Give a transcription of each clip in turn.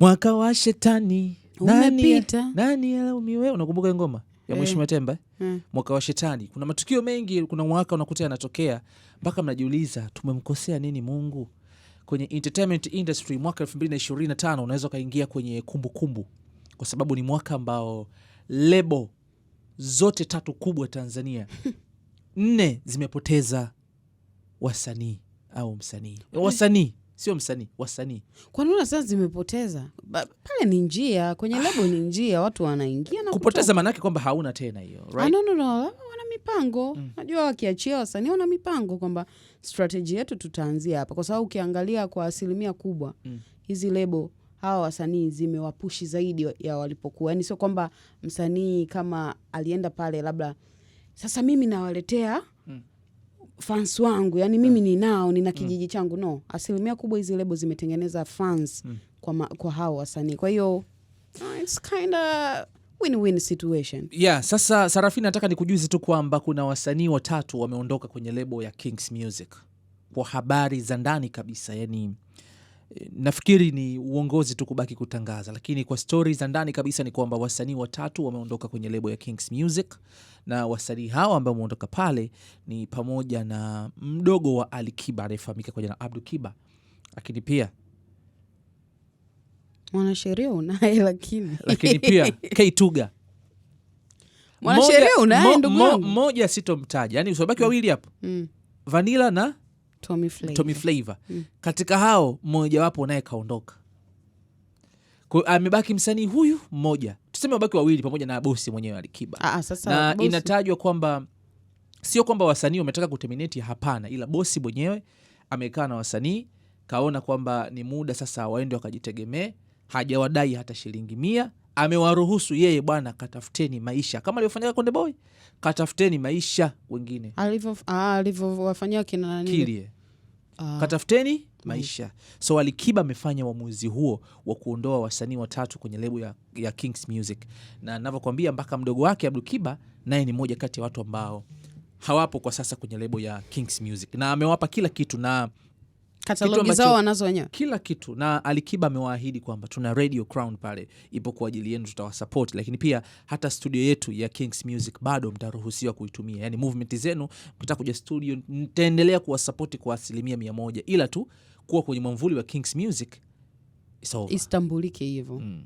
Mwaka wa shetani umepita, nani alaumiwe? Unakumbuka ngoma ya Mheshimiwa eh. Temba eh? eh? Mwaka wa shetani. Kuna matukio mengi, kuna mwaka unakuta yanatokea mpaka mnajiuliza tumemkosea nini Mungu. Kwenye entertainment industry mwaka 2025 unaweza ukaingia kwenye kumbukumbu kumbu, kwa sababu ni mwaka ambao lebo zote tatu kubwa Tanzania nne zimepoteza wasanii au msanii eh. wasanii sio msanii, wasanii. Kwa sasa zimepoteza pale? Ni njia kwenye lebo, ni njia watu wanaingia na kupoteza, maanake kwamba hauna tena hiyo ah, right? No, no, no, wana mipango mm. Najua wakiachia wasanii wana mipango kwamba strateji yetu tutaanzia hapa, kwa sababu ukiangalia kwa asilimia kubwa mm. hizi lebo hawa wasanii zimewapushi zaidi ya walipokuwa, yani sio kwamba msanii kama alienda pale labda sasa mimi nawaletea fans wangu yani mimi ah. ninao nina mm. kijiji changu no asilimia kubwa hizi lebo zimetengeneza fans mm. kwa, ma, kwa hao wasanii kwa hiyo ah, it's win-win situation yeah sasa sarafini nataka nikujuze tu kwamba kuna wasanii watatu wameondoka kwenye lebo ya Kings Music kwa habari za ndani kabisa yani nafikiri ni uongozi tu kubaki kutangaza, lakini kwa stori za ndani kabisa ni kwamba wasanii watatu wameondoka kwenye lebo ya Kings Music, na wasanii hawa ambao wameondoka pale ni pamoja na mdogo wa Ali Kiba anayefahamika kwa jina Abdu Kiba, lakini pia mwanasheria unaye, lakini lakini pia k Tuga mwanasheria unaye, ndugu yangu mmoja sitomtaja, yani usibaki mm. wawili hapo, mm. Vanila na Tommy Flavor, Mm. Katika hao mmojawapo naye kaondoka, ah, amebaki msanii huyu mmoja, tuseme wabaki wawili pamoja na bosi mwenyewe Alikiba. Aa, ah, ah, sasa na bosi. Inatajwa kwamba sio kwamba wasanii wametaka kuterminate, hapana, ila bosi mwenyewe amekaa na wasanii kaona kwamba ni muda sasa waende wakajitegemee, hajawadai hata shilingi mia, amewaruhusu yeye bwana, katafuteni maisha kama alivyofanyia Konde Boy, katafuteni maisha wengine ah, alivyowafanyia kina ah. katafuteni mm. maisha. So Alikiba amefanya uamuzi huo wa kuondoa wasanii watatu kwenye lebo ya, ya Kings Music, na navyokwambia mpaka mdogo wake Abdukiba naye ni moja kati ya watu ambao hawapo kwa sasa kwenye lebo ya Kings Music, na amewapa kila kitu na zao wanazo wenyewe kila kitu, na Alikiba amewaahidi kwamba tuna Radio Crown pale ipo kwa ajili yenu, tutawasupport, lakini pia hata studio yetu ya Kings Music bado mtaruhusiwa kuitumia. Yani movement zenu, mkitaka kuja studio, mtaendelea kuwasupport kwa asilimia mia moja, ila tu kuwa kwenye mwamvuli wa Kings Music isitambulike hivyo mm.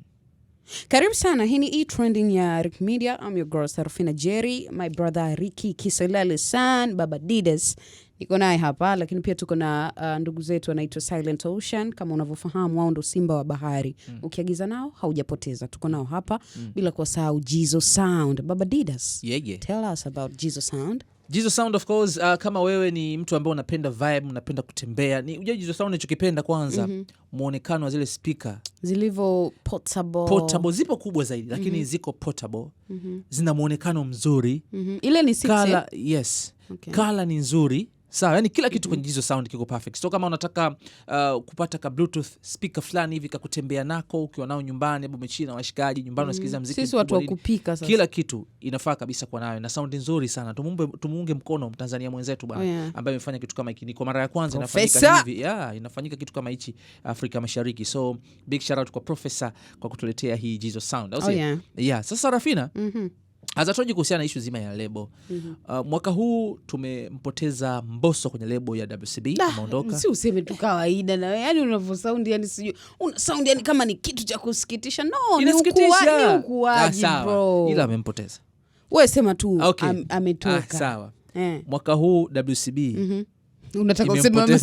Karibu sana, hii ni e-trending ya Rick Media. I'm your girl Sarafina Jerry, my brother Ricky Kisolale san Baba dides Niko naye hapa lakini pia tuko na uh, ndugu zetu wanaitwa Silent Ocean. Kama unavyofahamu wao ndo simba wa bahari mm. Ukiagiza nao haujapoteza, tuko nao hapa mm. Bila kusahau Jizo Sound, Baba Didas, yeah, yeah. Tell us about Jizo Sound. Jizo Sound of course, uh, kama wewe ni mtu ambaye unapenda vibe, unapenda kutembea, ni unajua Jizo Sound unachokipenda kwanza mm -hmm. wa zile speaker zilivyo portable. Portable zipo kubwa zaidi mhm. lakini mm -hmm. ziko portable mm -hmm. zina muonekano mzuri mm -hmm. ile ni six, kala, eh? yes. Okay. Kala ni nzuri sawa, yani kila kitu kwenye mm-hmm. hizo sound kiko perfect. So kama unataka uh, kupata ka bluetooth speaker fulani hivi kakutembea nako ukiwa nao nyumbani, au umechini na washikaji nyumbani, mm-hmm. unasikiliza muziki, sisi watu wa kupika sasa, kila kitu inafaa kabisa kuwa nayo na saundi nzuri sana. Tumuunge tumuunge mkono Mtanzania mwenzetu bwana, oh, yeah, ambaye amefanya kitu kama hiki. Ni kwa mara ya kwanza inafanyika hivi, yeah, inafanyika kitu kama hichi Afrika Mashariki. So big shout out kwa professor kwa kutuletea hii jizo sound, au Oh, yeah. Yeah, sasa Rafina mm -hmm. Azatoji kuhusiana na ishu zima ya lebo mm -hmm. Uh, mwaka huu tumempoteza mboso kwenye lebo ya WCB, ah, ameondoka. Si useme tu kawaida na yani unavyo sound yani sijui una sound yani kama ni kitu cha kusikitisha. No, ni ah, bro, ila amempoteza. Wewe sema tu okay. Am, ametoka ah, sawa eh. Mwaka huu WCB mm -hmm. Unataka useme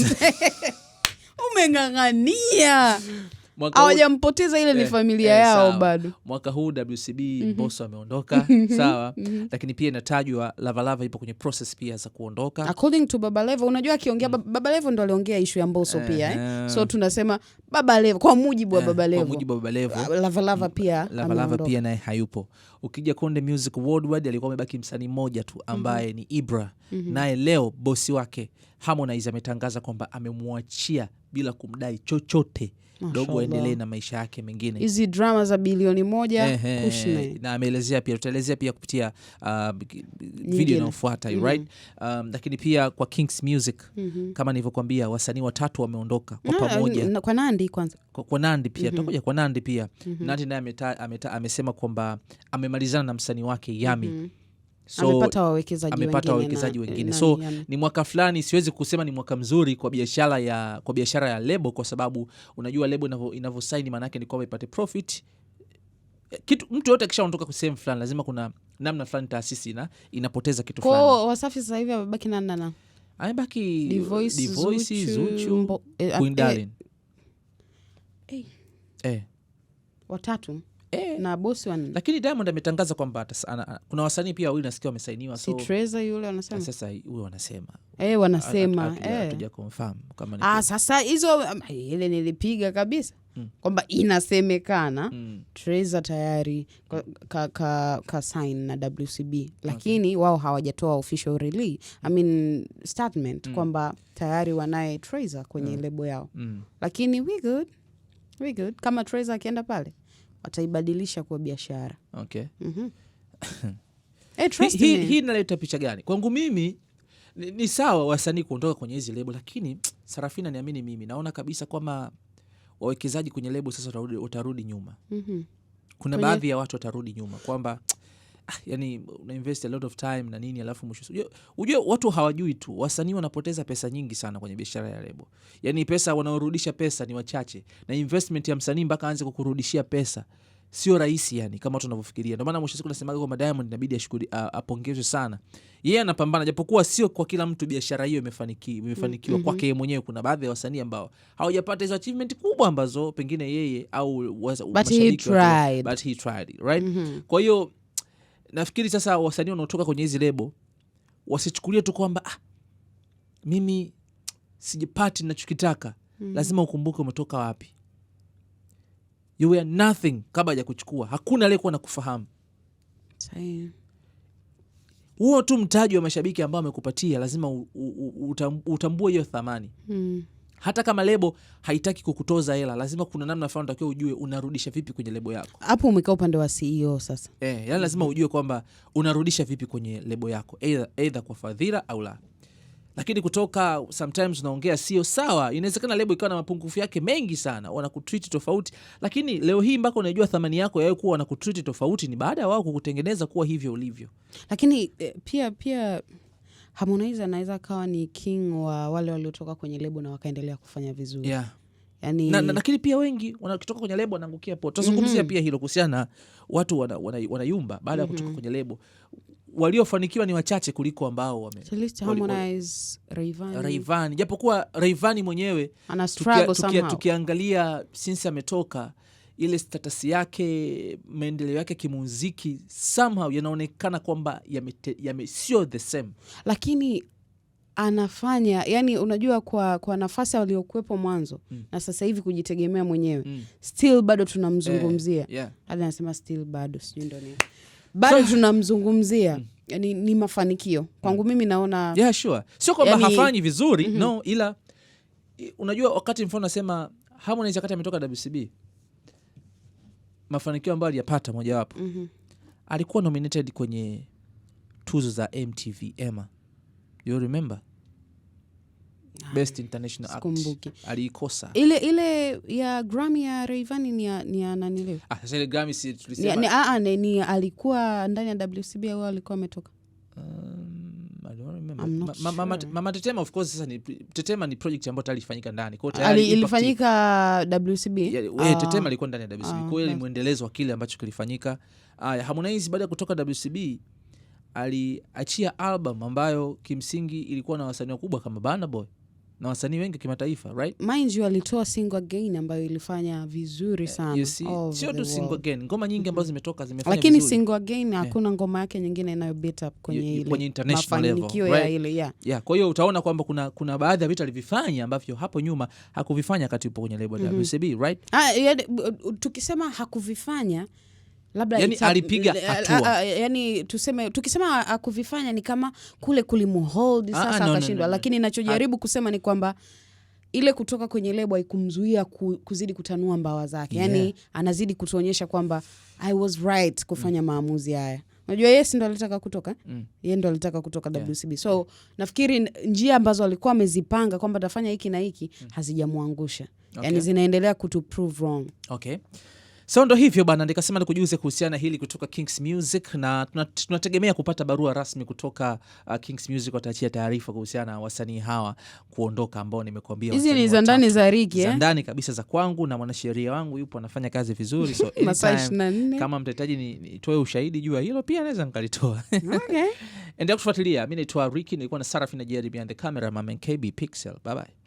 umeng'ang'ania hawajampoteza ile ni eh, familia eh, yao bado. Mwaka huu WCB mm -hmm. boso ameondoka mhm. sawa mm -hmm. Lakini pia inatajwa Lavalava ipo kwenye process pia za kuondoka according to Baba Levo. Unajua akiongea mm -hmm. Baba Levo ndo aliongea ishu ya mboso eh, pia eh? eh. So tunasema Baba Levo kwa mujibu wa eh, Baba Levo, mujibu wa Baba Levo Lavalava ah, mm, pia Lavalava pia naye hayupo. Ukija Konde Music Worldwide alikuwa amebaki msanii mmoja tu ambaye mm -hmm. ni Ibra mm -hmm. naye leo bosi wake Harmonize ametangaza kwamba amemwachia bila kumdai chochote dogo aendelee na maisha yake mengine. Hizi drama za bilioni moja na ameelezea pia, tutaelezea pia kupitia uh, video inayofuata mm -hmm. right? Mm-hmm. Um, lakini pia kwa Kings Music mm -hmm. kama nilivyokwambia wasanii watatu wameondoka kwa uh, pamoja, kwa Nandi kwanza, kwa, kwa Nandi pia mm -hmm. kwa Nandi pia mm -hmm. Nandi naye amesema kwamba amemalizana na msanii wake Yami mm -hmm so, amepata wawekezaji amepata wawekezaji wengine, so yana. Ni mwaka fulani, siwezi kusema ni mwaka mzuri kwa biashara ya, kwa biashara ya lebo kwa sababu unajua lebo inavyosaini maana yake ni kwamba ipate profit kitu mtu yote akisha kwa sehemu fulani lazima kuna namna fulani taasisi na inapoteza kitu fulani. Kwa Wasafi sasa hivi amebaki nani nani? Amebaki Divoice, Divoice, Zuchu, eh, Queen eh, Darling. Eh. eh. Watatu e. na bosi wan... lakini Diamond ametangaza kwamba kuna wasanii pia wawili nasikia wamesainiwa, so, si Treza yule wanasema sasa, huyo wanasema e, wanasema eh. tuja confirm ah, sasa hizo um, ile nilipiga kabisa mm. kwamba inasemekana mm. Treza tayari ka, ka, ka, ka na WCB lakini okay. wao hawajatoa official release, I mean statement mm. kwamba tayari wanaye Treza kwenye mm. lebo yao mm. lakini we good. We good. Kama Treza akienda pale wataibadilisha kuwa biashara. Okay. Mm-hmm. Hey, trust hii hi, inaleta picha gani kwangu mimi? Ni, ni sawa wasanii kuondoka kwenye hizi lebo, lakini Sarafina, niamini mimi naona kabisa kwamba wawekezaji kwenye lebo sasa utarudi, utarudi nyuma. Mm-hmm. Kuna baadhi ya watu watarudi nyuma kwamba Ah, yani una invest a lot of time na nini, alafu mwisho ujue, watu hawajui tu, wasanii wanapoteza pesa nyingi sana kwenye biashara ya lebo. Yani pesa wanaorudisha pesa ni wachache, na investment ya msanii mpaka aanze kukurudishia pesa sio rahisi, yani kama watu wanavyofikiria Ndio maana mwisho siku nasemaga kwamba Diamond inabidi ashukuri apongezwe sana, yeye yeah, anapambana, japokuwa sio kwa kila mtu biashara hiyo imefanikiwa, mm, imefanikiwa mm -hmm. kwake mwenyewe. Kuna baadhi ya wasanii ambao hawajapata hizo achievement kubwa ambazo pengine yeye au was, but he tried, but he tried right. mm-hmm. Kwa hiyo nafikiri sasa wasanii wanaotoka kwenye hizi lebo wasichukulie tu kwamba ah, mimi sijipati nachokitaka. mm. Lazima ukumbuke umetoka wapi. You nothing kabla ya kuchukua, hakuna aliyekuwa na kufahamu. Huo tu mtaji wa mashabiki ambao amekupatia lazima utambue hiyo thamani. mm hata kama lebo haitaki kukutoza hela, lazima kuna namna fulani unatakiwa ujue unarudisha vipi kwenye lebo yako. Hapo umekaa upande wa CEO sasa. Eh, yani mm -hmm. lazima ujue kwamba unarudisha vipi kwenye lebo yako, either, either kwa fadhila au la. Lakini kutoka sometimes unaongea sio sawa. Inawezekana lebo ikawa na mapungufu yake mengi sana, wanakutreat tofauti, lakini leo hii mpaka unajua thamani yako yawe kuwa wanakutreat tofauti ni baada ya wao kukutengeneza kuwa hivyo ulivyo. Lakini eh, pia pia Harmonize anaweza akawa ni king wa wale waliotoka kwenye lebo na wakaendelea kufanya vizuri yeah. Yani... na, na, lakini pia wengi wanatoka kwenye lebo wanaangukia po tutazungumzia mm -hmm. pia hilo kuhusiana watu wanayumba wana, wana baada ya mm -hmm. kutoka kwenye lebo waliofanikiwa ni wachache kuliko ambao wame japokuwa Rayvanny mwenyewe tukia, tukia, tukiangalia since ametoka ile status yake, maendeleo yake kimuziki somehow yanaonekana kwamba yame sio the same, lakini anafanya yani, unajua kwa, kwa nafasi aliyokuwepo mwanzo mm. na sasa hivi kujitegemea mwenyewe mm. still bado tunamzungumzia eh, yeah. anasema still bado sijui ndo ni bado so, tunamzungumzia mm. yani, ni mafanikio kwangu hmm. mimi naona yeah, sure. sio kwamba yani, hafanyi vizuri mm -hmm. no ila unajua wakati mfano nasema Harmonize kati ametoka WCB mafanikio ambayo aliyapata mojawapo mm -hmm. alikuwa nominated kwenye tuzo za MTV ema you remember ah, Best International aliikosa ile ile ya Grammy ya reivani ni ya ni alikuwa ndani ya WCB au alikuwa ametoka uh, mama, Tetema of course sasa ni Tetema ni project ambayo tayari ilifanyika ndani kwao tayari ilifanyika WCB yeah, uh, Tetema ilikuwa ah. ndani ya WCB uh, kwa hiyo ah, ni mwendelezo wa kile ambacho kilifanyika. Haya, Harmonize baada ya kutoka WCB aliachia album ambayo kimsingi ilikuwa na wasanii wakubwa kama Burna Boy na wasanii wengi kimataifa right? Mind you alitoa Sing Again ambayo ilifanya vizuri eh, sana, sio tu Sing Again, ngoma nyingi ambazo mm-hmm. zimetoka zimefanya lakini Again eh. hakuna yeah. ngoma yake nyingine inayo beat up kwenye ile kwenye international level right? ya ile yeah. yeah. Kwa hiyo utaona kwamba kuna, kuna baadhi ya vitu alivifanya ambavyo hapo nyuma hakuvifanya wakati upo kwenye label mm -hmm. WCB right? Ah, tukisema hakuvifanya labda yani, alipiga eh, hatua ah, ah, yani, tuseme tukisema akuvifanya ni kama kule kulimuhold ah, sasa no, akashindwa no, no, lakini nachojaribu kusema ni kwamba ile kutoka kwenye lebo haikumzuia kuzidi kutanua mbawa zake yani, yeah. Anazidi kutuonyesha kwamba I was right kufanya mm. maamuzi haya. Unajua yes ndo alitaka kutoka mm. yeye ndo alitaka kutoka yeah. WCB so yeah. Nafikiri njia ambazo alikuwa amezipanga kwamba atafanya hiki na hiki mm. hazijamwangusha yaani okay. Yani zinaendelea kutuprove wrong okay. So ndo hivyo bana, nikasema nikujuze kuhusiana hili kutoka Kings Music, na tunategemea kupata barua rasmi kutoka uh, Kings Music watachia taarifa kuhusiana na wasanii hawa kuondoka, ambao nimekuambia hizi ni za ndani za rigi, za eh? ndani kabisa za kwangu, na mwanasheria wangu yupo anafanya kazi vizuri, so anytime, kama mtahitaji nitoe ushahidi juu ya hilo pia naweza nikalitoa. Okay, endelea kufuatilia. Mimi naitwa Ricky, nilikuwa na Sarafina Jerry behind the camera, mama KB Pixel, bye bye.